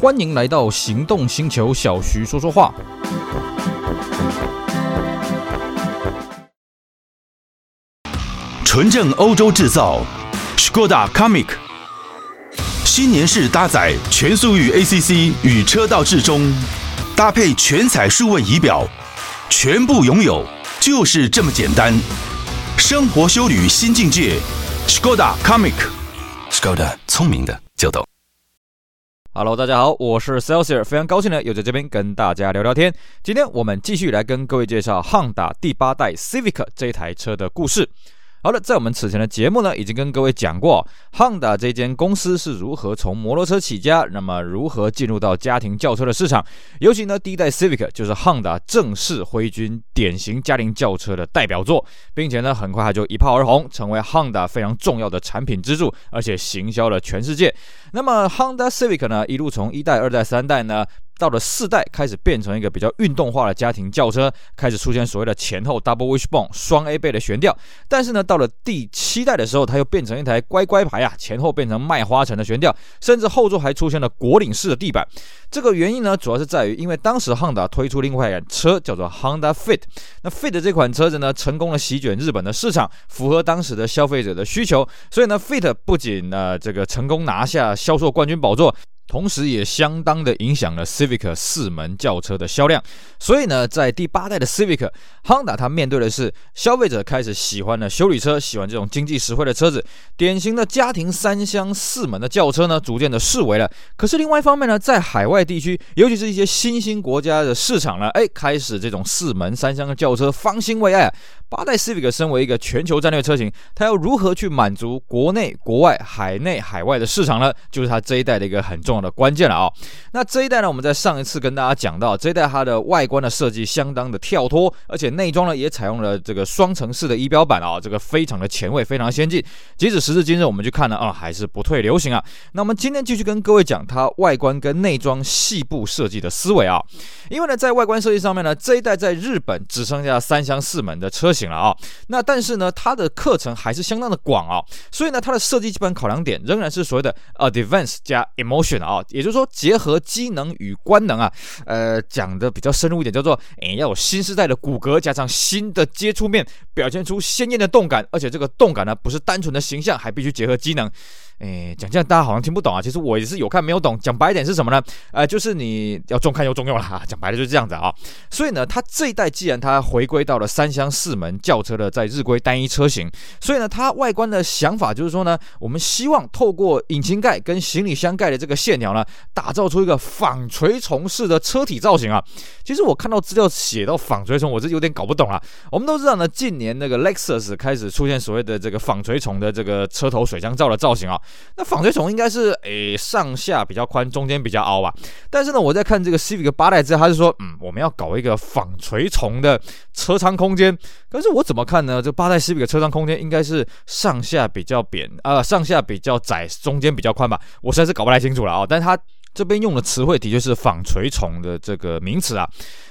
歡迎來到行動星球，小徐說說話。純正歐洲製造，Škoda Kamiq，新年式搭載全速域 ACC 與車道置中，搭配全彩數位儀表，全部擁有就是這麼簡單。生活休旅新境界，Škoda Kamiq，Škoda，聰明的就懂。Hello，大家好，我是 Celsior，非常高興的又在這邊跟大家聊聊天。今天我們繼續來跟各位介紹 Honda 第八代 Civic 這台車的故事。好了，在我們此前的節目呢，已經跟各位講過，Honda 這間公司是如何從摩托車起家，那麼如何進入到家庭轎車的市場，尤其呢，第一代 Civic 就是 Honda 正式揮軍典型家庭轎、轎車的代表作，並且呢，很快它就一炮而紅，成為 Honda 非常重要的產品支柱，而且行銷了全世界。那麼 Honda Civic 呢，一路從一代、二代、三代呢。到了四代開始變成一個比較運動化的家庭轎車，開始出現所謂的前後 double wishbone 雙 A 倍的懸吊。但是呢，到了第七代的時候，它又變成一台乖乖牌啊，前後變成賣花城的懸吊，甚至後座還出現了國嶺式的地板。這個原因呢，主要是在於，因為當時 Honda 推出另外一輛車叫做 Honda Fit，那 Fit 這款車子呢，成功的席捲日本的市場，符合當時的消費者的需求，所以呢，Fit 不僅呢、呃，這個成功拿下銷售冠軍寶座。同時也相當的影響了 Civic 四門轎車的銷量，所以呢，在第八代的 Civic Honda 它面對的是消費者開始喜歡的休旅車，喜歡這種經濟實惠的車子，典型的家庭三廂四門的轎車呢，逐漸的式微了。可是另外一方面呢，在海外地區，尤其是一些新興國家的市場呢，哎，開始這種四門三廂的轎車方興未艾啊。八代 Civic 身為一個全球戰略車型，它要如何去滿足國內、國外、海內、海外的市場呢？就是它這一代的一個很重要的關鍵了啊、哦。那這一代呢，我們在上一次跟大家講到，這一代它的外觀的設計相當的跳脫，而且內裝呢也採用了這個雙層式的儀表板啊、哦，這個非常的前衛，非常先進。即使時至今日，我們去看呢啊、哦，還是不退流行啊。那我們今天繼續跟各位講它外觀跟內裝細部設計的思維啊、哦，因為呢在外觀設計上面呢，這一代在日本只剩下三廂四門的車型。行了啊，那但是呢，它的課程還是相當的廣啊、哦，所以呢，它的設計基本考量點仍然是所謂的呃，Advance 加 Emotion 啊、哦，也就是說結合機能與官能啊，呃，講的比較深入一點，叫做哎、欸，要有新時代的骨骼，加上新的接觸面，表現出鮮豔的動感，而且這個動感呢，不是單純的形象，還必須結合機能。誒，講這樣大家好像聽不懂啊。其實我也是有看沒有懂。講白一點是什麼呢？呃，就是你要重看又重用了哈。講白了就是這樣子啊、哦。所以呢，它這一代既然它回歸到了三廂四門轎車的在日規單一車型，所以呢，它外觀的想法就是說呢，我們希望透過引擎蓋跟行李箱蓋的這個線條呢，打造出一個紡錘蟲式的車體造型啊。其實我看到資料寫到紡錘蟲，我是有點搞不懂啊。我們都知道呢，近年那個 Lexus 開始出現所謂的這個紡錘蟲的這個車頭水箱罩的造型啊。那紡錘蟲應該是誒、欸、上下比較寬，中間比較凹吧。但是呢，我在看這個 Civic 八代之後，他是說，嗯，我們要搞一個紡錘蟲的車艙空間。可是我怎麼看呢？這八代 Civic 的車艙空間應該是上下比較扁啊、呃，上下比較窄，中間比較寬吧。我實在是搞不太清楚了啊、哦。但是它這邊用的詞彙的確是紡錘蟲的這個名詞啊。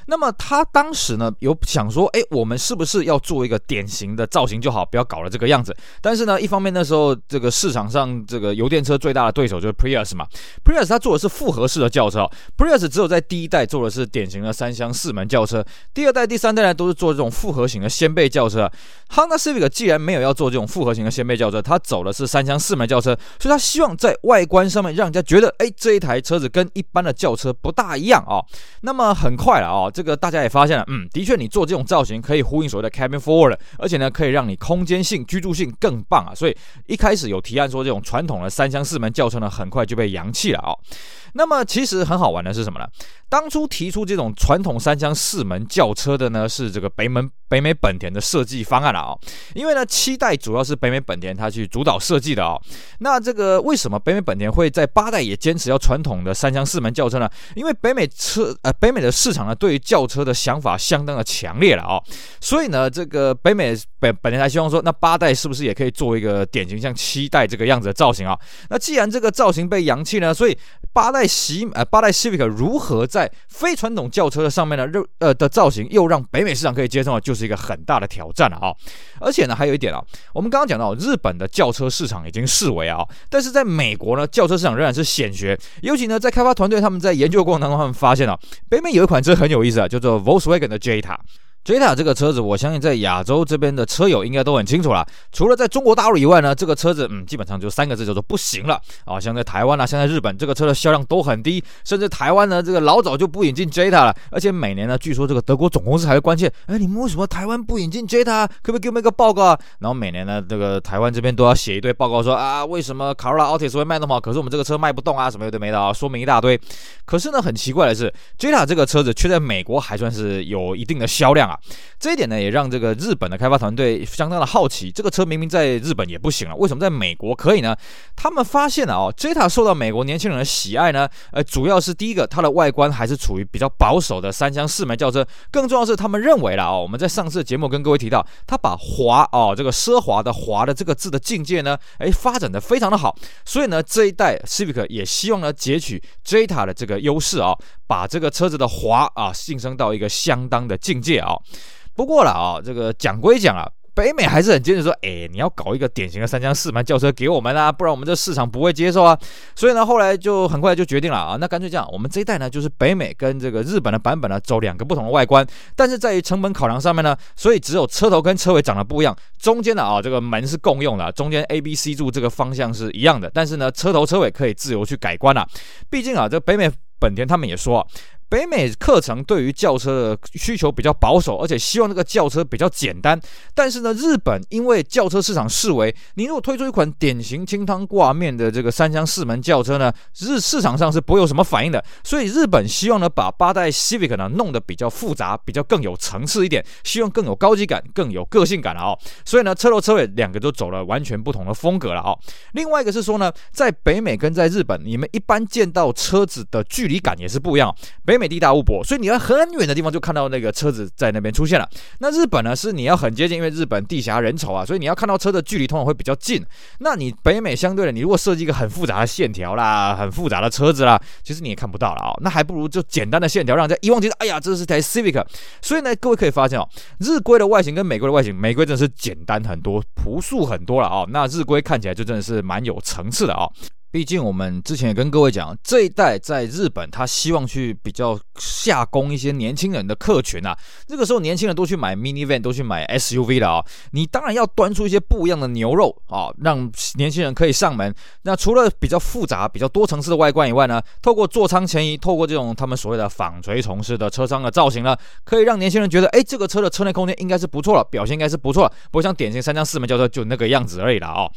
那麼他當時呢，有想說，哎，我們是不是要做一個典型的造型就好，不要搞了這個樣子。但是呢，一方面那時候這個市場上這個油電車最大的對手就是 Prius 嘛，Prius 它做的是複合式的轎車哦，Prius 只有在第一代做的是典型的三廂四門轎車，第二代、第三代呢都是做這種複合型的掀背轎車。Honda Civic 既然沒有要做這種複合型的掀背轎車，它走的是三廂四門轎車，所以他希望在外觀上面讓人家覺得，哎，這一台車子跟一般的轎車不大一樣啊哦。那麼很快了啊哦。這個大家也發現了，嗯，的確，你做這種造型可以呼應所謂的 cabin forward 了，而且呢，可以讓你空間性、居住性更棒啊。所以一開始有提案說這種傳統的三廂四門轎車呢，很快就被揚棄了啊、哦。那麼其實很好玩的是什麼呢？當初提出這種傳統三廂四門轎車的呢，是這個北門北美本田的設計方案了啊、哦。因為呢，七代主要是北美本田它去主導設計的啊、哦。那這個為什麼北美本田會在八代也堅持要傳統的三廂四門轎車呢？因為北美車呃，北美的市場呢，對於轎車的想法相當的強烈了啊、哦。所以呢，這個北美本本田還希望說，那八代是不是也可以做一個典型像七代這個樣子的造型啊、哦？那既然這個造型被洋氣呢，所以八代。西呃，八代 Civic 如何在非傳統轎車的上面呢？肉，呃的造型又讓北美市場可以接受，就是一個很大的挑戰了啊、哦！而且呢，還有一點啊、哦，我們剛剛講到日本的轎車市場已經式微啊、哦，但是在美國呢，轎車市場仍然是顯學。尤其呢，在開發團隊他們在研究的過程當中，他們發現啊、哦，北美有一款車很有意思啊，叫做 Volkswagen 的 Jetta。Jetta 這個車子，我相信在亞洲這邊的車友應該都很清楚了。除了在中國大陸以外呢，這個車子，嗯，基本上就三個字，叫做不行了啊、哦。像在台灣啊，像在日本，這個車的銷量都很低，甚至台灣呢，這個老早就不引進 Jetta 了。而且每年呢，據說這個德國總公司還會關切，哎，你們為什麼台灣不引進 Jetta？可不可以給我們一個報告啊？然後每年呢，這個台灣這邊都要寫一堆報告說，說啊，為什麼卡羅拉、Altis 會賣那麼好，可是我們這個車賣不動啊，什麼有的沒的啊，說明一大堆。可是呢，很奇怪的是 Jetta 這個車子卻在美國還算是有一定的銷量啊。這一點呢，也讓這個日本的開發團隊相當的好奇。這個車明明在日本也不行了，為什麼在美國可以呢？他們發現了哦 Jetta 受到美國年輕人的喜愛呢。呃，主要是第一個，它的外觀還是處於比較保守的三廂四門轎車。更重要的是，他們認為了啊、哦，我們在上次節目跟各位提到，它把華哦，這個奢華的華的這個字的境界呢，誒、哎，發展得非常的好。所以呢，這一代 Civic 也希望呢，截取 Jetta 的這個優勢啊、哦。把這個車子的滑啊晉升到一個相當的境界啊、哦，不過了啊、哦，這個講歸講啊，北美還是很堅持說，哎，你要搞一個典型的三廂四門轎車給我們啊，不然我們這市場不會接受啊。所以呢，後來就很快就決定了啊，那乾脆這樣，我們這一代呢，就是北美跟這個日本的版本呢走兩個不同的外觀，但是在於成本考量上面呢，所以只有車頭跟車尾長得不一樣，中間的啊這個門是共用的，中間 A B C 柱這個方向是一樣的，但是呢車頭車尾可以自由去改觀了、啊，畢竟啊這北美。本田他們也說，北美課程對於轎車的需求比較保守，而且希望這個轎車比較簡單。但是呢，日本因為轎車市場視為，你如果推出一款典型清湯掛麵的這個三廂四門轎車呢，日市場上是不會有什麼反應的。所以日本希望呢，把八代 Civic 呢弄得比較複雜，比較更有層次一點，希望更有高級感，更有個性感了哦。所以呢，車頭車尾兩個都走了完全不同的風格了哦。另外一個是說呢，在北美跟在日本，你們一般見到車子的距離感也是不一樣哦。北北美地大物博，所以你要很遠的地方就看到那個車子在那邊出現了。那日本呢，是你要很接近，因為日本地狹人稠啊，所以你要看到車的距離通常會比較近。那你北美相對的，你如果設計一個很複雜的線條啦，很複雜的車子啦，其實你也看不到了啊、哦。那還不如就簡單的線條，讓人家一望就是，哎呀，這是台 Civic。所以呢，各位可以發現哦，日規的外形跟美規的外形，美規真的是簡單很多、樸素很多了哦。那日規看起來就真的是蠻有層次的哦。畢竟我們之前也跟各位講，這一代在日本，他希望去比較下攻一些年輕人的客群啊。那個時候，年輕人都去買 minivan，都去買 SUV 了啊、哦。你當然要端出一些不一樣的牛肉啊、哦，讓年輕人可以上門。那除了比較複雜、比較多層次的外觀以外呢，透過座艙前移，透過這種他們所謂的紡錘蟲式的車艙的造型呢，可以讓年輕人覺得，哎，這個車的車內空間應該是不錯了，表現應該是不錯了。不會像典型三廂四門轎車就那個樣子而已了啊、哦。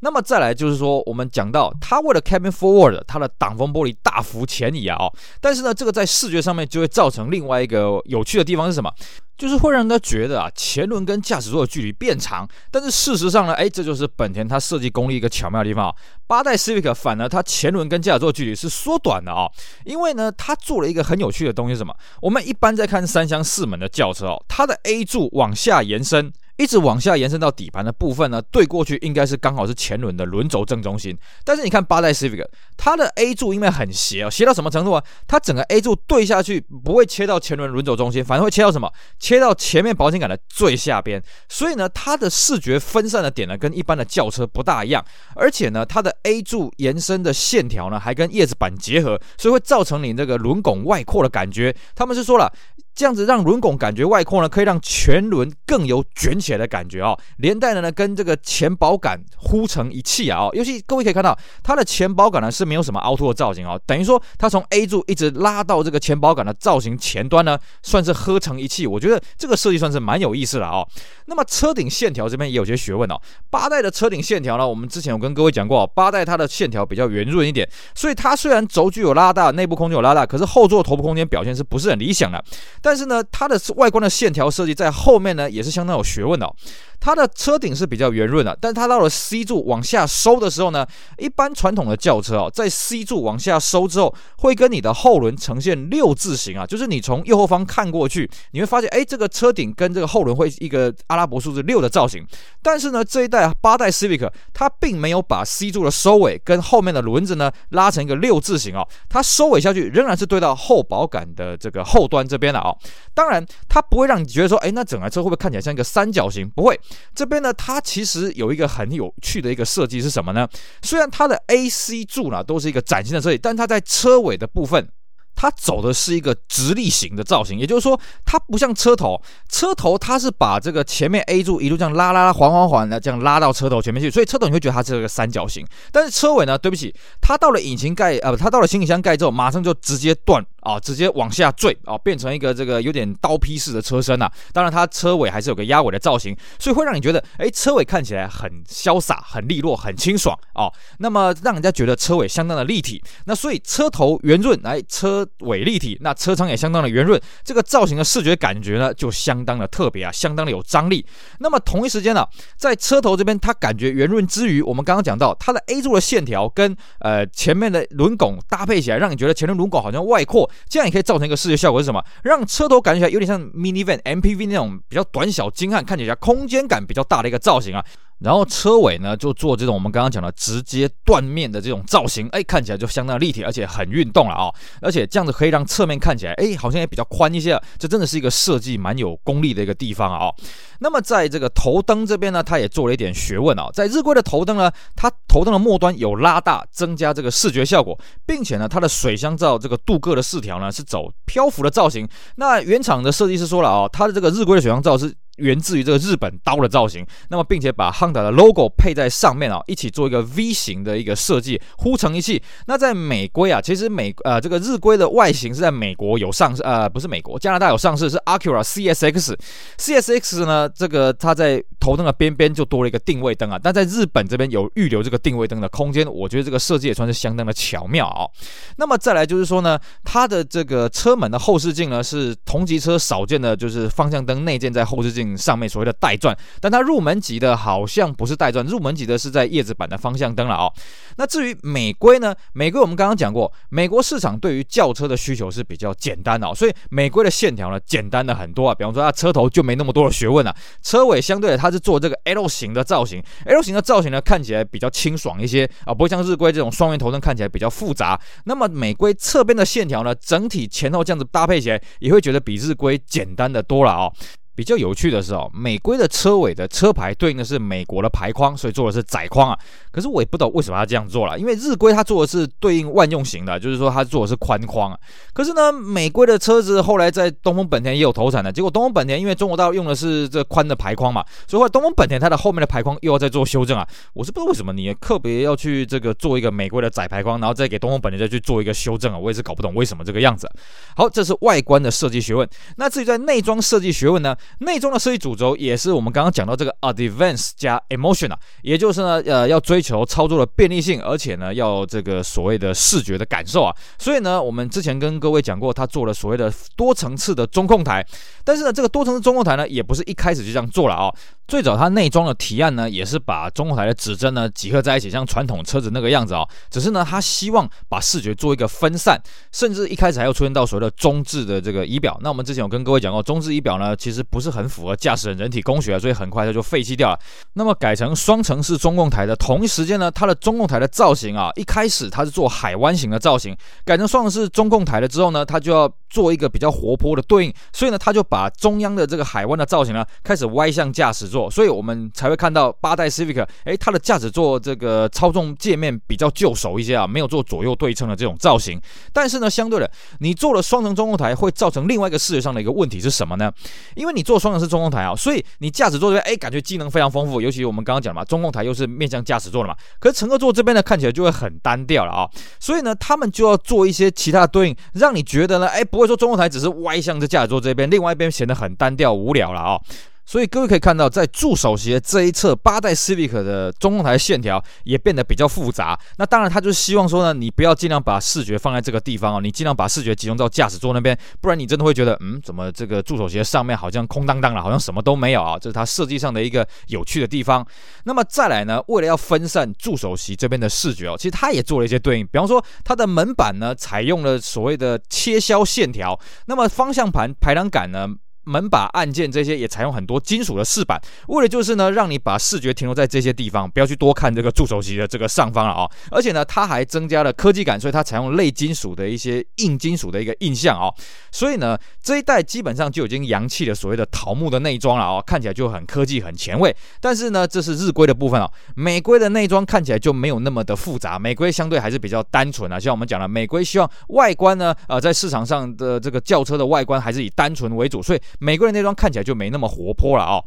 那麼再來就是說，我們講到它為了 cabin forward，它的擋風玻璃大幅前移啊、哦，但是呢，這個在視覺上面就會造成另外一個有趣的地方是什麼？就是會讓人家覺得啊，前輪跟駕駛座的距離變長。但是事實上呢，哎，這就是本田它設計功力一個巧妙的地方啊、哦。八代 Civic 反而它前輪跟駕駛座距離是縮短的啊、哦，因為呢，它做了一個很有趣的東西，是什麼？我們一般在看三廂四門的轎車哦，它的 A 柱往下延伸。一直往下延伸到底盤的部分呢，對過去應該是剛好是前輪的輪軸正中心。但是你看八代 Civic，它的 A 柱因為很斜哦，斜到什麼程度啊？它整個 A 柱對下去不會切到前輪輪軸中心，反而會切到什麼？切到前面保險桿的最下邊。所以呢，它的視覺分散的點呢，跟一般的轎車不大一樣。而且呢，它的 A 柱延伸的線條呢，還跟葉子板結合，所以會造成你這個輪拱外擴的感覺。他們是說了。這樣子讓輪拱感覺外擴呢，可以讓前輪更有捲起來的感覺啊、哦，連帶的呢跟這個前保桿呼成一氣啊、哦、尤其各位可以看到，它的前保桿呢是沒有什麼凹凸的造型啊、哦，等於說它從 A 柱一直拉到這個前保桿的造型前端呢，算是呵成一氣。我覺得這個設計算是蠻有意思的啊、哦。那麼車頂線條這邊也有些學問哦。八代的車頂線條呢，我們之前有跟各位講過、哦，八代它的線條比較圓潤一點，所以它雖然軸距有拉大，內部空間有拉大，可是後座頭部空間表現是不是很理想的？但是呢，它的外觀的線條設計在後面呢，也是相當有學問的哦。它的車頂是比較圓潤的，但它到了 C 柱往下收的時候呢，一般傳統的轎車啊、哦，在 C 柱往下收之後，會跟你的後輪呈現六字形啊，就是你從右後方看過去，你會發現，哎、欸，這個車頂跟這個後輪會一個阿拉伯數字六的造型。但是呢，這一代八代 Civic 它並沒有把 C 柱的收尾跟後面的輪子呢拉成一個六字形啊、哦，它收尾下去仍然是對到後保桿的這個後端這邊的啊、哦。當然，它不會讓你覺得說，哎、欸，那整台車會不會看起來像一個三角形？不會。這邊呢，它其實有一個很有趣的一個設計是什麼呢？雖然它的 A、C 柱呢都是一個嶄新的設計，但它在車尾的部分，它走的是一個直立型的造型，也就是說，它不像車頭，車頭它是把這個前面 A 柱一路這樣拉拉拉，緩緩緩的這樣拉到車頭前面去，所以車頭你會覺得它是一個三角形。但是車尾呢，對不起，它到了引擎蓋啊，不，呃，它到了行李箱蓋之後，馬上就直接斷。啊、哦，直接往下墜啊、哦，變成一個這個有點刀劈式的車身吶、啊。當然，它車尾還是有個鴨尾的造型，所以會讓你覺得，哎、欸，車尾看起來很瀟灑、很利落、很清爽啊、哦。那麼，讓人家覺得車尾相當的立體。那所以車頭圓潤，哎，車尾立體，那車窗也相當的圓潤，這個造型的視覺感覺呢，就相當的特別啊，相當的有張力。那麼同一時間呢、啊，在車頭這邊，它感覺圓潤之餘，我們剛剛講到它的 A 柱的線條跟呃前面的輪拱搭配起來，讓你覺得前面輪拱好像外擴。這樣也可以造成一個視覺效果是什麼？讓車頭感覺起來有點像 minivan、MPV 那種比較短小精悍，看起來空間感比較大的一個造型啊。然後車尾呢，就做這種我們剛剛講的直接斷面的這種造型，哎，看起來就相當立體，而且很運動了啊、哦！而且這樣子可以讓側面看起來，哎，好像也比較寬一些。這真的是一個設計蠻有功力的一個地方啊、哦！那麼在這個頭燈這邊呢，它也做了一點學問啊、哦。在日規的頭燈呢，它頭燈的末端有拉大，增加這個視覺效果，並且呢，它的水箱罩這個鍍鉻的飾條呢是走漂浮的造型。那原廠的設計師說了啊、哦，它的這個日規的水箱罩是。源自於這個日本刀的造型，那麼並且把 Honda 的 logo 配在上面啊、哦，一起做一個 V 型的一個設計，呼成一氣。那在美規啊，其實美呃這個日規的外形是在美國有上市，呃不是美國，加拿大有上市，是 Acura CSX。CSX 呢，這個它在頭燈的邊邊就多了一個定位燈啊，但在日本這邊有預留這個定位燈的空間，我覺得這個設計也算是相當的巧妙、哦。那麼再來就是說呢，它的這個車門的後視鏡呢，是同級車少見的，就是方向燈內建在後視鏡。上面所謂的帶鑽，但它入門級的好像不是帶鑽，入門級的是在葉子板的方向燈了哦。那至於美規呢？美規我們剛剛講過，美國市場對於轎車的需求是比較簡單的哦，所以美規的線條呢簡單的很多啊。比方說它車頭就沒那麼多的學問了、啊，車尾相對的它是做這個 L 型的造型，L 型的造型呢看起來比較清爽一些啊、哦，不會像日規這種雙圓頭燈看起來比較複雜。那麼美規側邊的線條呢，整體前後這樣子搭配起來，也會覺得比日規簡單的多了哦。比較有趣的是哦，美規的車尾的車牌對應的是美國的牌框，所以做的是窄框啊。可是我也不懂為什麼他這樣做啦，因為日規他做的是對應萬用型的，就是說他做的是寬框啊。可是呢，美規的車子後來在東風本田也有投產的，結果東風本田因為中國大陸用的是這寬的牌框嘛，所以後來東風本田它的後面的牌框又要再做修正啊。我是不知道為什麼你也特別要去這個做一個美規的窄牌框，然後再給東風本田再去做一個修正啊，我也是搞不懂為什麼這個樣子。好，這是外觀的設計學問。那至於在內裝設計學問呢？內中的設計主軸也是我們剛剛講到這個 advance 加 emotion 啊，也就是呢，呃，要追求操作的便利性，而且呢，要這個所謂的視覺的感受啊。所以呢，我們之前跟各位講過，他做了所謂的多層次的中控台，但是呢，這個多層次中控台呢，也不是一開始就這樣做了啊、哦。最早它內裝的提案呢，也是把中控台的指針呢集合在一起，像傳統車子那個樣子啊、哦。只是呢，它希望把視覺做一個分散，甚至一開始還要出現到所謂的中置的這個儀表。那我們之前有跟各位講過，中置儀表呢其實不是很符合駕駛人人體工學，所以很快它就廢棄掉了。那麼改成雙層式中控台的同一時間呢，它的中控台的造型啊，一開始它是做海灣型的造型，改成雙層式中控台了之後呢，它就要做一個比較活潑的對應，所以呢，它就把中央的這個海灣的造型呢開始歪向駕駛。所以，我們才會看到八代 Civic 哎、欸，它的駕駛座這個操縱界面比較就手一些啊，沒有做左右對稱的這種造型。但是呢，相對的，你做了雙層中控台，會造成另外一個視覺上的一個問題是什麼呢？因為你做雙層是中控台啊、哦，所以你駕駛座這邊哎、欸，感覺機能非常豐富，尤其我們剛剛講了嘛，中控台又是面向駕駛座的嘛。可是乘客座這邊呢，看起來就會很單調了啊、哦。所以呢，他們就要做一些其他的對應，讓你覺得呢，哎、欸，不會說中控台只是歪向這駕駛座這邊，另外一邊顯得很單調無聊了啊、哦。所以各位可以看到，在助手席的這一側，八代 Civic 的中控台線條也變得比較複雜。那當然，他就希望說呢，你不要儘量把視覺放在這個地方哦，你尽量把視覺集中到駕駛座那邊，不然你真的會覺得，嗯，怎麼這個助手席上面好像空蕩蕩了，好像什麼都沒有啊？這是它設計上的一個有趣的地方。那麼再來呢，為了要分散助手席這邊的視覺哦，其實它也做了一些對應，比方說它的門板呢，採用了所謂的切削線條，那麼方向盤排擋桿呢？門把按鍵這些也採用很多金屬的飾板，為的就是呢，讓你把視覺停留在這些地方，不要去多看這個助手席的這個上方了啊、哦。而且呢，它還增加了科技感，所以它採用類金屬的一些硬金屬的一個印象啊、哦。所以呢，這一代基本上就已經揚棄了所謂的桃木的內裝了哦，看起來就很科技，很前衛。但是呢，這是日規的部分啊、哦，美規的內裝看起來就沒有那麼的複雜，美規相對還是比較單純啊。像我們講了，美規希望外觀呢，呃，在市場上的這個轎車的外觀還是以單純為主，所以。美國人那雙看起來就沒那麼活潑了啊、哦。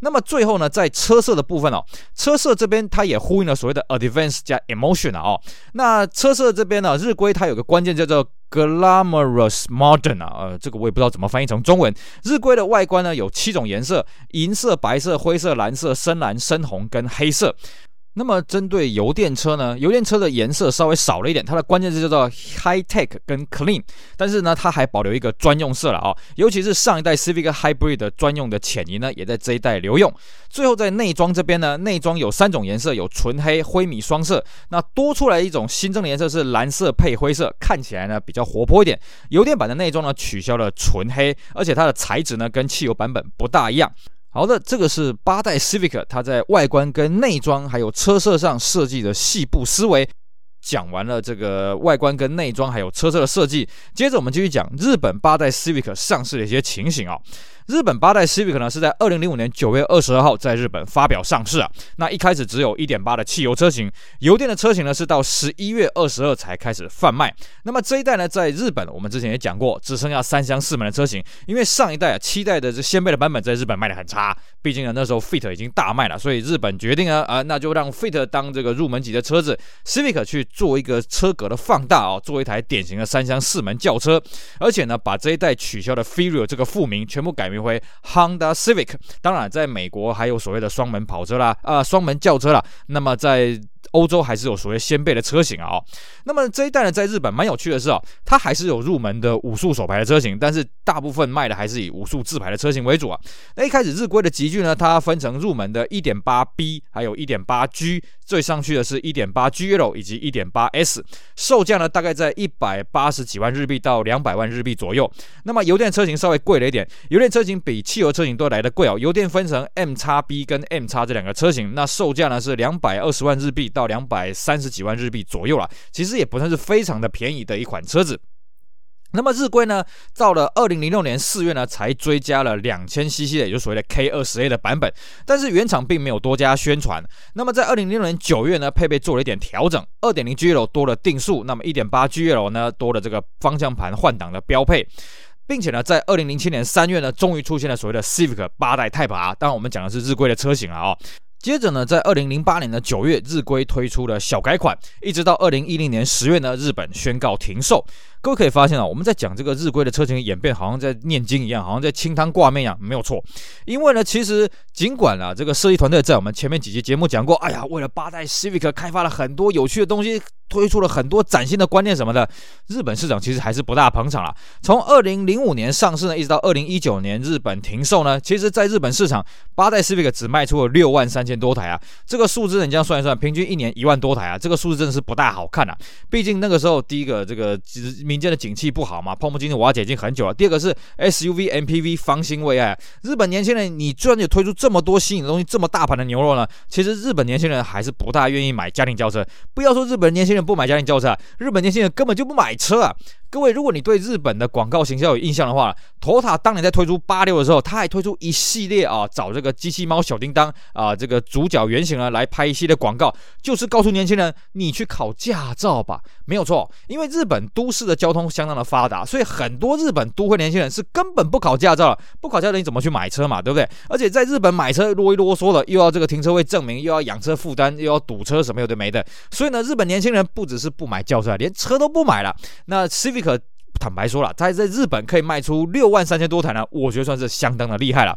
那麼最後呢，在車色的部分哦，車色這邊它也呼應了所謂的 advance 加 emotion 了、啊哦、那車色這邊呢、啊，日規它有個關鍵叫做 glamorous modern 啊，呃，這個我也不知道怎麼翻譯成中文。日規的外觀呢，有七種顏色：銀色、白色、灰色、藍色、深藍、深紅跟黑色。那麼針對油電車呢，油電車的顏色稍微少了一點，它的關鍵是叫做 high tech 跟 clean，但是呢，它還保留一個專用色了啊、哦，尤其是上一代 Civic Hybrid 專用的淺銀呢，也在這一代留用。最後在內裝這邊呢，內裝有三種顏色，有純黑、灰米雙色，那多出來一種新增的顏色是藍色配灰色，看起來呢比較活潑一點。油電版的內裝呢取消了純黑，而且它的材質呢跟汽油版本不大一樣。好的，這個是八代 Civic，它在外觀跟內裝還有車色上設計的細部思維。講完了這個外觀跟內裝還有車色的設計，接着我們繼續講日本八代 Civic 上市的一些情形啊、哦。日本八代 Civic 呢，是在二零零五年九月二十二號在日本發表上市啊。那一開始只有一點八的汽油車型，油電的車型呢是到十一月二十二才開始販賣。那麼這一代呢，在日本我們之前也講過，只剩下三廂四門的車型，因為上一代啊七代的這掀背的版本在日本賣的很差，畢竟呢那時候 Fit 已經大賣了，所以日本決定呢，呃、啊，那就讓 Fit 當這個入門級的車子，Civic 去做一個車格的放大啊、哦，做一台典型的三廂四門轎車，而且呢把這一代取消的 Ferio 這個複名全部改名。因為 Honda Civic，當然在美國還有所謂的雙門跑車啦，啊、呃，雙門轎車啦。那麼在歐洲還是有所謂先輩的車型啊、哦，那麼這一代呢，在日本蠻有趣的是啊、哦，它還是有入門的五速手排的車型，但是大部分賣的還是以五速自排的車型為主啊。那一開始日規的級距呢，它分成入門的 1.8B，還有一點八 G，最上去的是一點八 GL 以及一點八 S，售價呢大概在一百八十幾萬日幣到兩百萬日幣左右。那麼油電車型稍微貴了一點，油電車型比汽油車型都來得貴啊。油電分成 MXB 跟 MX 這兩個車型，那售價呢是兩百二十萬日幣。到兩百三十幾萬日幣左右了，其實也不算是非常的便宜的一款車子。那麼日規呢，到了二零零六年四月呢，才追加了兩千 cc 的，也就是所謂的 K 二十 A 的版本，但是原廠並沒有多加宣傳。那麼在二零零六年九月呢，配備做了一點調整，二點零 GL 多了定速，那麼一點八 GL 呢多了這個方向盤換擋的標配，並且呢，在二零零七年三月呢，終於出現了所謂的 Civic 八代 Type R，當然我們講的是日規的車型了啊、哦。接着呢，在二零零八年的九月，日規推出了小改款，一直到二零一零年十月呢，日本宣告停售。各位可以發現啊，我們在講這個日規的車型演變，好像在念經一樣，好像在清湯掛麵一樣，沒有錯。因為呢，其實儘管啊，這個設計團隊在我們前面幾期節目講過，哎呀，為了八代 Civic 開發了很多有趣的東西，推出了很多嶄新的觀念什麼的，日本市場其實還是不大捧場了。從二零零五年上市呢，一直到二零一九年日本停售呢，其實在日本市場，八代 Civic 只賣出了六萬三千多台啊。這個數字你這樣算一算，平均一年一萬多台啊，這個數字真的是不大好看吶、啊。畢竟那個時候，第一個這個只。其實民間的景氣不好嘛，泡沫經濟瓦解已經很久了。第二個是 SUV、MPV 方興未艾。日本年輕人，你居然就推出這麼多新穎的東西，這麼大盤的牛肉呢？其實日本年輕人還是不大願意買家庭轎，轎車。不要說日本年輕人不買家庭轎車，日本年輕人根本就不買車。各位，如果你對日本的廣告形象有印象的話，Toyota 當年在推出八六的時候，他還推出一系列啊，找這個機器貓小叮噹啊，這個主角原型呢來拍一系列廣告，就是告訴年輕人，你去考駕照吧，沒有錯。因為日本都市的交通相當的發達，所以很多日本都會年輕人是根本不考駕照了，不考駕照你怎麼去買車嘛，對不對？而且在日本買車囉一囉嗦的，又要這個停車位證明，又要養車負擔，又要堵車，什麼有的沒的。所以呢，日本年輕人不只是不買轎車，連車都不買了。那 Civic 坦白說了，它在日本可以賣出六萬三千多台呢，我覺得算是相當的厲害了。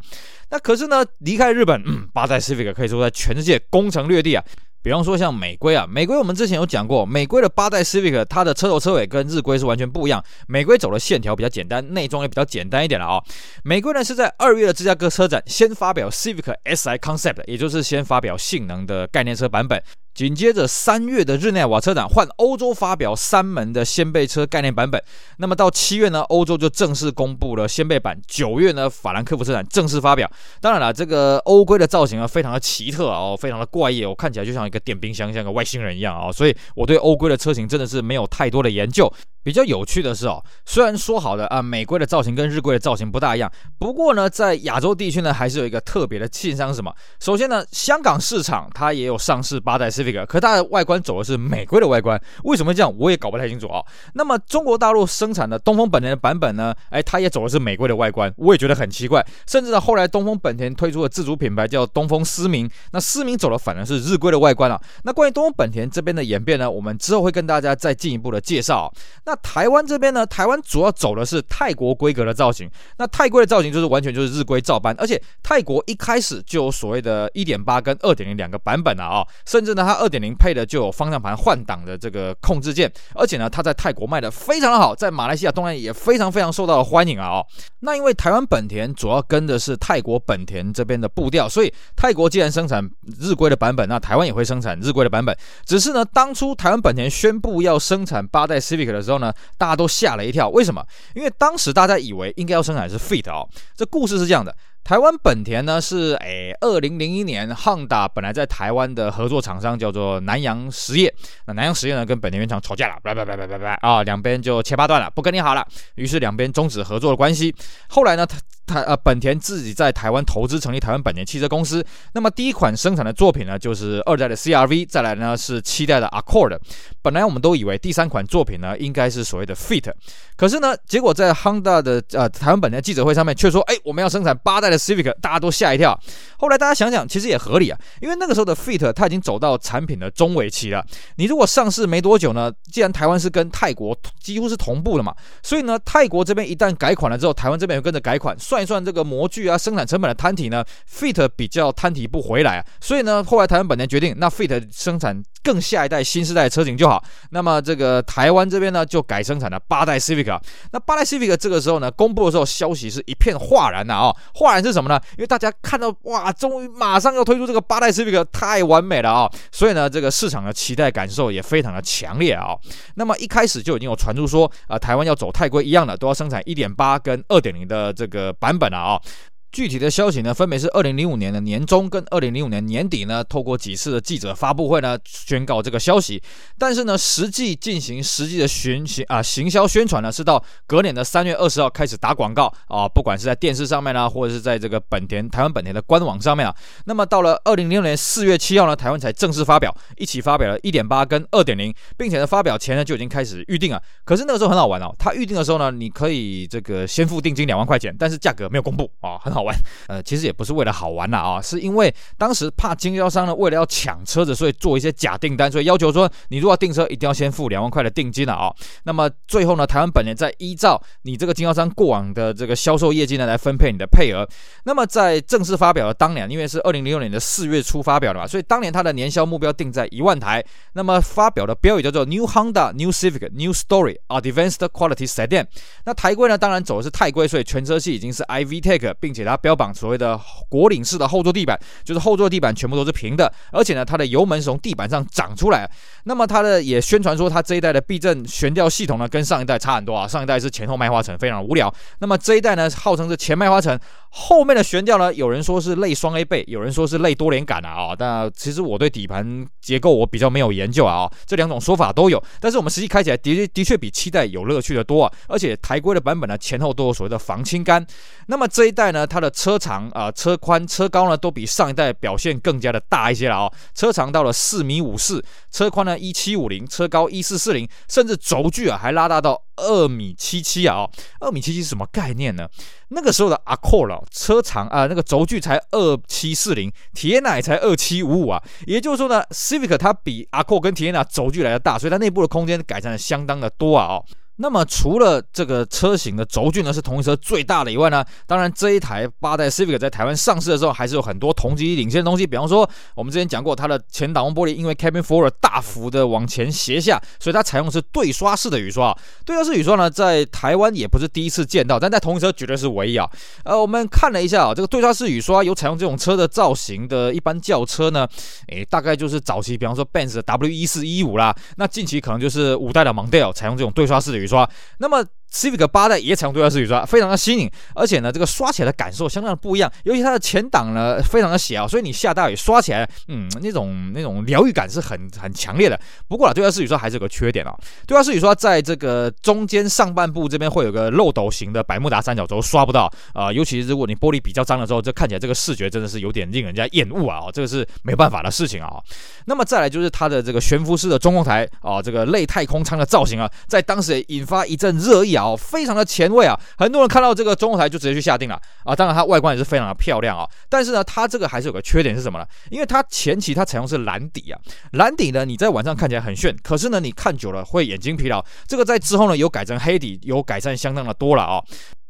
那可是呢，離開日本，嗯、八代 Civic 可以說在全世界攻城略地啊。比方說像美規啊，美規我們之前有講過，美規的八代 Civic 它的車頭車尾跟日規是完全不一樣，美規走的線條比較簡單，內裝也比較簡單一點了啊、哦。美規呢是在二月的芝加哥車展先發表 Civic SI Concept，也就是先發表性能的概念車版本。緊接着三月的日內瓦車展，換歐洲發表三門的掀背車概念版本。那麼到七月呢，歐洲就正式公布了掀背版。九月呢，法蘭克福車展正式發表。當然了，這個歐規的造型啊，非常的奇特啊、哦，非常的怪異，我看起來就像一個電冰箱，像個外星人一樣啊、哦。所以我對歐規的車型真的是沒有太多的研究。比較有趣的是哦，雖然說好的啊，美規的造型跟日規的造型不大一樣，不過呢，在亞洲地區呢，還是有一個特別的現象，是什麼？首先呢，香港市場它也有上市八代 Civic，可它的外觀走的是美規的外觀，為什麼這樣？我也搞不太清楚哦。那麼中國大陸生產的東風本田的版本呢，哎，它也走的是美規的外觀，我也覺得很奇怪。甚至呢，後來東風本田推出的自主品牌叫東風思明，那思明走的反而是日規的外觀啊。那關於東風本田這邊的演變呢，我們之後會跟大家再進一步的介紹哦。那台灣這邊呢，台灣主要走的是泰國規格的造型。那泰國的造型就是完全就是日規照搬，而且泰國一開始就有所謂的一點八跟二點零兩個版本了啊、哦。甚至呢，它二點零配的就有方向盤換擋的這個控制鍵，而且呢，它在泰國賣的非常的好，在馬來西亞當然也非常非常受到歡迎啊、哦、那因為台灣本田主要跟的是泰國本田這邊的步調，所以泰國既然生產日規的版本，那台灣也會生產日規的版本。只是呢，當初台灣本田宣布要生產八代 Civic 的時候呢，呢，大家都嚇了一跳，為什麼？因為當時大家以為應該要生產是 Fit 哦。這故事是這樣的，台灣本田呢是誒二零零一年，Honda 本來在台灣的合作廠商叫做南洋實業，那南洋實業呢跟本田原廠吵架了，拜拜拜拜拜拜啊，哦、兩邊就切八段了，不跟你好了，於是兩邊終止合作的關係。後來呢，他。台呃，本田自己在台灣投資成立台灣本田汽車公司。那麼第一款生產的作品呢，就是二代的 CRV，再來呢是七代的 Accord。本來我們都以為第三款作品呢，應該是所謂的 Fit，可是呢，結果在 Honda 的呃台灣本田記者會上面卻說，哎，我們要生產八代的 Civic，大家都嚇一跳。後來大家想想，其實也合理啊，因為那個時候的 Fit 它已經走到產品的中尾期了。你如果上市沒多久呢，既然台灣是跟泰國幾乎是同步的嘛，所以呢，泰國這邊一旦改款了之後，台灣這邊又跟着改款，算。算這個模具啊，生產成本的攤提呢，Fit 比較攤提不回來，所以呢，後來台灣本田決定，那 Fit 生產。更下一代新世代的車型就好。那麼這個台灣這邊呢，就改生產了八代 Civic。那八代 Civic 這個時候呢，公布的時候消息是一片嘩然的啊！嘩然是什麼呢？因為大家看到哇，終於馬上要推出這個八代 Civic，太完美了啊、哦！所以呢，這個市場的期待感受也非常的強烈啊、哦。那麼一開始就已經有傳出說，啊，台灣要走泰國一樣的，都要生產1.8跟2.0的這個版本了啊、哦。具體的消息呢，分別是二零零五年的年中跟二零零五年年底呢，透過幾次的記者發布會呢，宣告這個消息。但是呢，實際進行實際的巡行啊行銷宣傳呢，是到隔年的三月二十號開始打廣告啊，不管是在電視上面呢，或者是在這個本田台灣本田的官網上面啊。那麼到了二零零六年四月七號呢，台灣才正式發表，一起發表了一點八跟二點零，並且呢，發表前呢就已經開始預定啊。可是那個時候很好玩哦，他預定的時候呢，你可以這個先付定金兩萬塊錢，但是價格沒有公布啊，很好。好玩，呃、嗯，其實也不是為了好玩啦，啊、哦，是因為當時怕經銷商呢，為了要搶車子，所以做一些假訂單，所以要求說，你如果要訂車，一定要先付兩萬塊的定金了，啊、哦，那麼最後呢，台灣本田在依照你這個經銷商過往的這個銷售業績呢，來分配你的配額。那麼在正式發表的當年，因為是二零零六年的四月初發表的嘛，所以當年它的年銷目標定在一萬台。那麼發表的標語叫做 New Honda New Civic New Story 啊 d e Advanced Quality Sedan。那台規呢，當然走的是泰規，所以全車系已經是 i-VTEC，並且它。它標榜所謂的果嶺式的後座地板，就是後座地板全部都是平的，而且呢，它的油門是從地板上長出來。那麼它的也宣傳說，它這一代的避震懸吊系統呢，跟上一代差很多啊。上一代是前後麥花臣，非常無聊，那麼這一代呢，號稱是前麥花臣。後面的懸吊呢，有人說是類雙 A 臂，有人說是類多連桿啊啊、哦！但其實我對底盤結構我比較沒有研究啊，這兩種說法都有，但是我們實際開起來的的確比七代有樂趣的多啊！而且台規的版本呢，前後都有所謂的防傾桿。那麼這一代呢，它的車長啊、車寬、車高呢，都比上一代表現更加的大一些了啊、哦！車長到了四米五四，車寬呢一七五零，車高一四四零，甚至軸距啊還拉大到。二米七七啊，哦，二米七七是什麼概念呢？那個時候的阿扣了，車長啊，呃，那個軸距才二七四零，鐵奶才二七五五啊，也就是說呢，Civic 它比阿扣跟鐵奶軸距來的大，所以它內部的空間改善的相當的多啊，哦。那麼除了這個車型的軸距呢，是同一車最大的以外呢，當然這一台八代 Civic 在台灣上市的時候，還是有很多同級領先的東西。比方說，我們之前講過，它的前擋風玻璃因為 Cabin Forward 大幅的往前斜下，所以它採用的是對刷式的雨刷。對刷式雨刷呢，在台灣也不是第一次見到，但在同一車絕對是唯一啊、哦。呃，我們看了一下啊、哦，這個對刷式雨刷有採用這種車的造型的一般轎車呢，誒、哎，大概就是早期比方說 Benz 的 W 一四一五啦，那近期可能就是五代的 Mondeo 採用這種對刷式的雨刷。說，那麼。Civic 八代也採用對向式雨刷，非常的新穎，而且呢，這個刷起來的感受相當的不一樣。尤其它的前擋呢，非常的斜、哦，所以你下大雨刷起來，嗯，那種那種療癒感是很很強烈的。不過啊，對向式雨刷還是有個缺點啊、哦，對向式雨刷在這個中間上半部這邊會有個漏斗形的百慕達三角洲刷，刷不到啊、呃，尤其是如果你玻璃比較髒的時候，這看起來這個視覺真的是有點令人家厭惡啊，這個是沒辦法的事情啊。那麼再來就是它的這個懸浮式的中控台啊、呃，這個類太空艙的造型啊，在當時也引發一陣熱議啊。哦，非常的前衛啊！很多人看到這個中控台就直接去下定了啊！當然它外觀也是非常的漂亮啊，但是呢，它這個還是有個缺點是什麼呢？因為它前期它採用是藍底啊，藍底呢，你在晚上看起來很炫，可是呢，你看久了會眼睛疲勞。這個在之後呢有改成黑底，有改善相當的多了啊。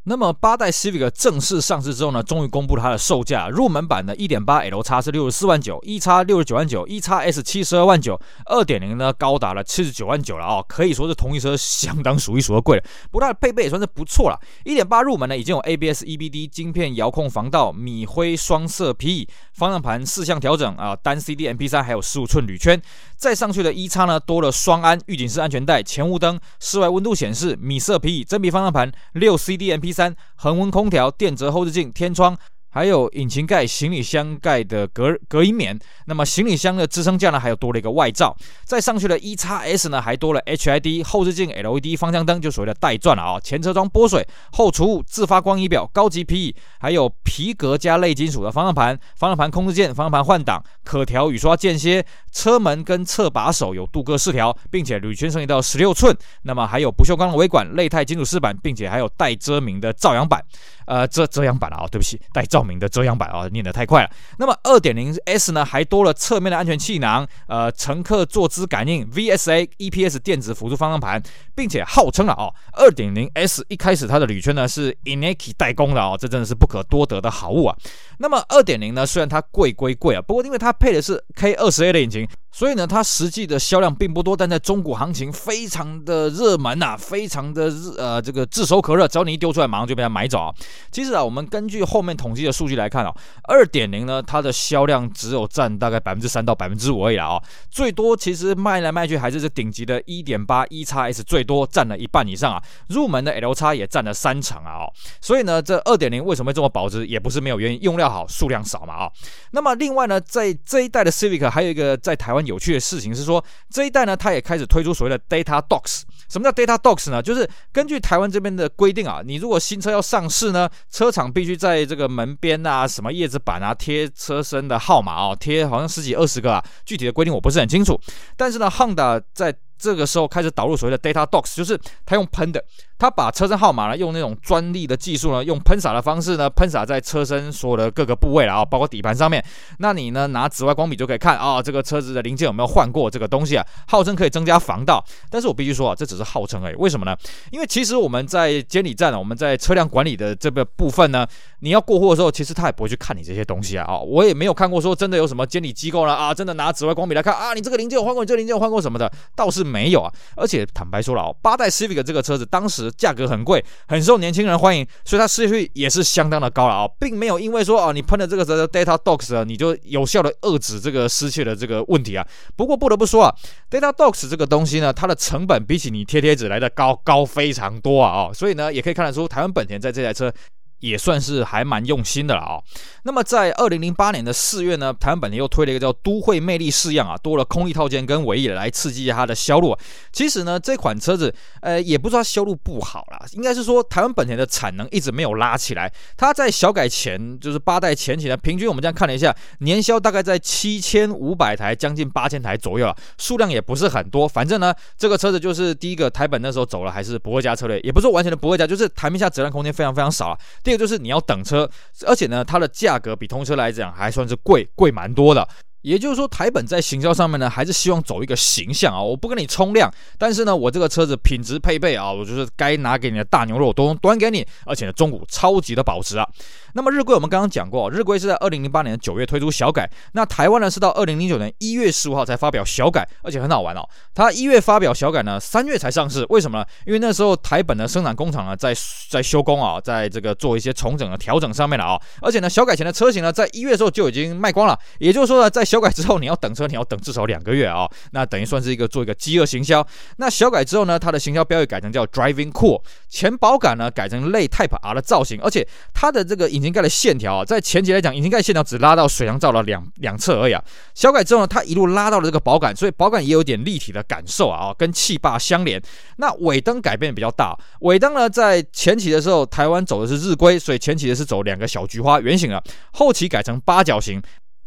那麼八代 Civic 正式上市之後呢，終於公布了它的售價。入門版的一點八 LX 是六十四萬九，EX 六十九萬九，EX S 七十二萬九，二點零呢高達了七十九萬九了啊、哦，可以說是同一車相當數一數二貴了。不過它的配備也算是不錯了。一點八入門呢已經有 ABS、EBD、晶片遙控防盜、米灰雙色皮椅、方向盤四向調整啊、單 CD MP3 還有十五寸鋁圈。再上去的 EX 呢，多了雙安預警式安全帶、前霧燈、室外溫度顯示、米色皮椅、真皮方向盤、六 CD MP3 恆溫空調、電折後視鏡、天窗。還有引擎蓋、行李箱蓋的隔隔音棉，那麼行李箱的支撐架呢，還有多了一個外罩。再上去的 EXS 呢，還多了 HID 後視鏡、LED 方向燈，就所謂的帶鑽了啊、哦。前車窗撥水。後除霧、自發光儀表、高級皮椅，還有皮革加類金屬的方向盤、方向盤控制鍵、方向盤換擋、可調雨刷間歇，車門跟側把手有鍍鉻飾條，並且鋁圈升級到十六寸。那麼還有不鏽鋼的尾管、類鈦金屬飾板，並且還有帶遮明的照陽板。呃遮遮陽板了啊、哦，對不起，帶照明的遮陽板啊、哦，念得太快了。那麼二點零 S 呢，還多了側面的安全氣囊，呃，乘客坐姿感應 VSA EPS 電子輔助方向盤，並且號稱了哦，二點零 S 一開始它的鋁圈呢是 Enkei 代工的哦，這真的是不可多得的好物啊。那麼二點零呢，雖然它貴歸貴，貴啊，不過因為它配的是 K20A 的引擎，所以呢，它實際的銷量並不多，但在中古行情非常的熱門吶、啊，非常的熱呃這個炙手可熱，只要你一丟出來，馬上就被它買走啊。其實啊，我們根據後面統計的數據來看啊、哦，二點零呢，它的銷量只有占大概百分之三到百分之五而已啊、哦。最多其實賣來賣去還是這頂級的，一點八一叉 S 最多占了一半以上啊，入門的 LX 也占了三成啊哦。所以呢，這二點零為什麼這麼保值，也不是沒有原因，用料好，數量少嘛啊、哦。那麼另外呢，在這一代的 Civic 還有一個在台灣有趣的事情是說，這一代呢，它也開始推出所謂的 Data Docs。什麼叫 Data Docs 呢？就是根據台灣這邊的規定啊，你如果新車要上市呢，車廠必須在這個門邊啊、什麼葉子板啊，貼車身的號碼哦，貼好像十幾二十個啊。具體的規定我不是很清楚，但是呢，Honda 在。這個時候開始導入所謂的 data docs，就是他用噴的，他把車身號碼呢用那種專利的技術呢，用噴灑的方式呢噴灑在車身所有的各個部位啊，包括底盤上面。那你呢拿紫外光筆就可以看啊、哦，這個車子的零件有沒有換過這個東西啊？號稱可以增加防盜，但是我必須說啊，這只是號稱而已，為什麼呢？因為其實我們在監理站啊，我們在車輛管理的這個部分呢，你要過戶的時候，其實他也不會去看你這些東西啊、哦、我也沒有看過說真的有什麼監理機構呢啊，真的拿紫外光筆來看啊，你這個零件有換過，你這個零件有換過什麼的，倒是。沒有啊，而且坦白說了哦，八代 Civic 這個車子當時價格很貴，很受年輕人歡迎，所以它失竊也是相當的高了啊、哦，並沒有因為說哦，你噴了這個車的 Data Dogs 啊，你就有效的遏制這個失竊的這個問題啊。不過不得不說啊，Data Dogs 這個東西呢，它的成本比起你貼貼紙來的高高非常多啊啊、哦，所以呢，也可以看得出台灣本田在這台車。也算是還蠻用心的了啊。那麼在二零零八年的四月呢，台灣本田又推了一個叫“都會魅力”式樣啊，多了空力套件跟尾翼來刺激它的銷路。其實呢，這款車子，呃，也不是說它銷路不好啦，應該是說台灣本田的產能一直沒有拉起來。它在小改前，就是八代前期呢，平均我們這樣看了一下，年銷大概在七千五百台，將近八千台左右啊，數量也不是很多。反正呢，這個車子就是第一個台本那時候走了，還是不二價策略，也不是完全的不二價，就是台面下折讓空間非常非常少啊。一個就是你要等車，而且呢，它的價格比通車來講還算是貴，貴蠻多的。也就是說，台本在行銷上面呢，還是希望走一個形象啊。我不跟你衝量，但是呢，我這個車子品質配備啊，我就是該拿給你的大牛肉都端給你，而且呢，中古超級的保值啊。那麼日規我們剛剛講過，日規是在二零零八年九月推出小改，那台灣呢是到二零零九年一月十五號才發表小改，而且很好玩哦。它一月發表小改呢，三月才上市，為什麼呢？因為那時候台本的生產工廠呢，在在休工啊，在這個做一些重整的調整上面了啊。而且呢，小改前的車型呢，在一月時候就已經賣光了，也就是說呢，在小改之後，你要等車，你要等至少兩個月啊、哦！那等於算是一個做一個飢餓行銷。那小改之後呢，它的行銷標語改成叫 Driving Core，前保桿呢改成類 Type R 的造型，而且它的這個引擎蓋的線條啊，在前期來講，引擎蓋線條只拉到水箱罩的兩兩側而已啊。小改之後呢，它一路拉到了這個保桿，所以保桿也有點立體的感受啊啊，跟氣壩相連。那尾燈改變比較大，尾燈呢在前期的時候，台灣走的是日規，所以前期的是走兩個小菊花圓形的，後期改成八角形。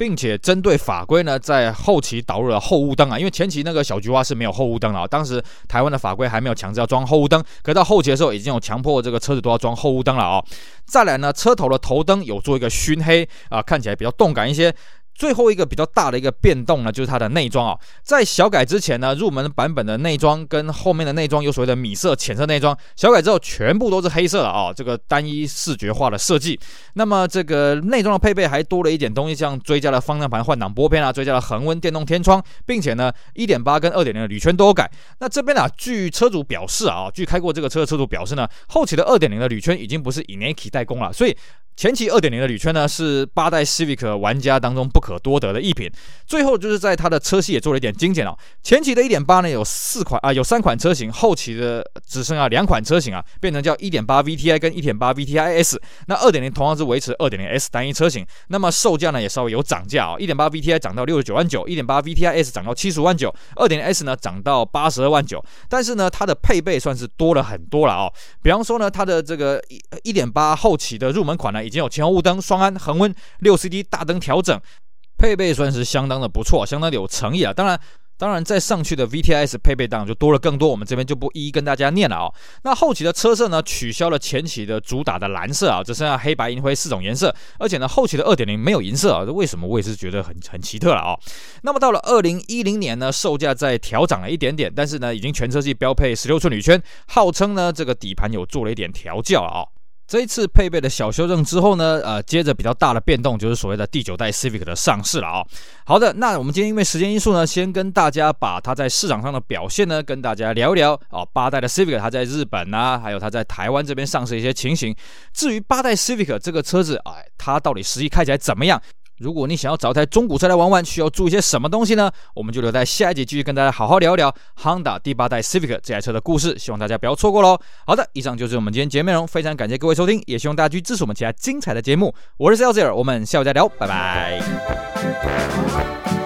並且針對法規呢，在後期導入了後霧燈啊，因為前期那個小菊花是沒有後霧燈啊、哦。當時台灣的法規還沒有強制要裝後霧燈，可到後期的時候已經有強迫這個車子都要裝後霧燈了啊、哦。再來呢，車頭的頭燈有做一個燻黑啊，看起來比較動感一些。最後一個比較大的一個變動呢，就是它的內裝啊。在小改之前呢，入門版本的內裝跟後面的內裝有所謂的米色、淺色內裝；小改之後，全部都是黑色的啊、哦。這個單一視覺化的設計。那麼這個內裝的配備還多了一點東西，像追加了方向盤換擋撥片啊，追加了恆溫電動天窗，並且呢，1.8跟2.0的鋁圈都有改。那這邊啊，據車主表示啊，據開過這個車的車主表示呢，後期的2.0的鋁圈已經不是 Enkei 代工了，所以。前期2.0的鋁圈呢，是八代 Civic 玩家當中不可多得的一品。最後就是在它的車系也做了一點精簡哦，前期的1.8呢有四款啊，有三款車型，後期的只剩下、啊、兩款車型啊，變成叫1.8 VTI 跟1.8 VTI S。那2.0同樣是維持2.0 S 單一車型。那麼售價呢也稍微有漲價啊、哦、，1.8 VTI 漲到六十九萬九，1.8 VTI S 漲到七十五萬九，2.0 S 呢漲到八十二萬九。但是呢，它的配備算是多了很多了哦。比方說呢，它的這個一1.8後期的入門款呢。已經有前後霧燈、雙安、恆溫、6CD 大燈調整，配備算是相當的不錯，相當的有誠意啊，當然，當然再上去的 VTS 配備當然就多了更多，我們這邊就不一一跟大家念了啊、哦。那後期的車色呢，取消了前期的主打的藍色啊，只剩下黑、白、銀、灰四種顏色。而且呢，後期的2.0沒有銀色啊，這為什麼我也是覺得很很奇特了啊、哦。那麼到了2010年呢，售價再調漲了一點點，但是呢，已經全車系標配16寸鋁圈，號稱呢這個底盤有做了一點調教啊、哦。這一次配備的小修正之後呢，呃，接着比較大的變動就是所謂的第九代 Civic 的上市了哦。好的，那我們今天因為時間因素呢，先跟大家把它在市場上的表現呢跟大家聊一聊哦，八代的 Civic 它在日本吶，還有它在台灣這邊上市一些情形。至於八代 Civic 這個車子，哎，它到底實際開起來怎麼樣？如果你想要找一台中古車來玩玩，需要注意些什麼東西呢？我們就留在下一集繼續跟大家好好聊一聊 Honda 第八代 Civic 這台車的故事，希望大家不要錯過嘍。好的，以上就是我們今天節目內容，非常感謝各位收聽，也希望大家繼續支持我們其他精彩的節目。我是 Celsior，我們下午再聊，拜拜。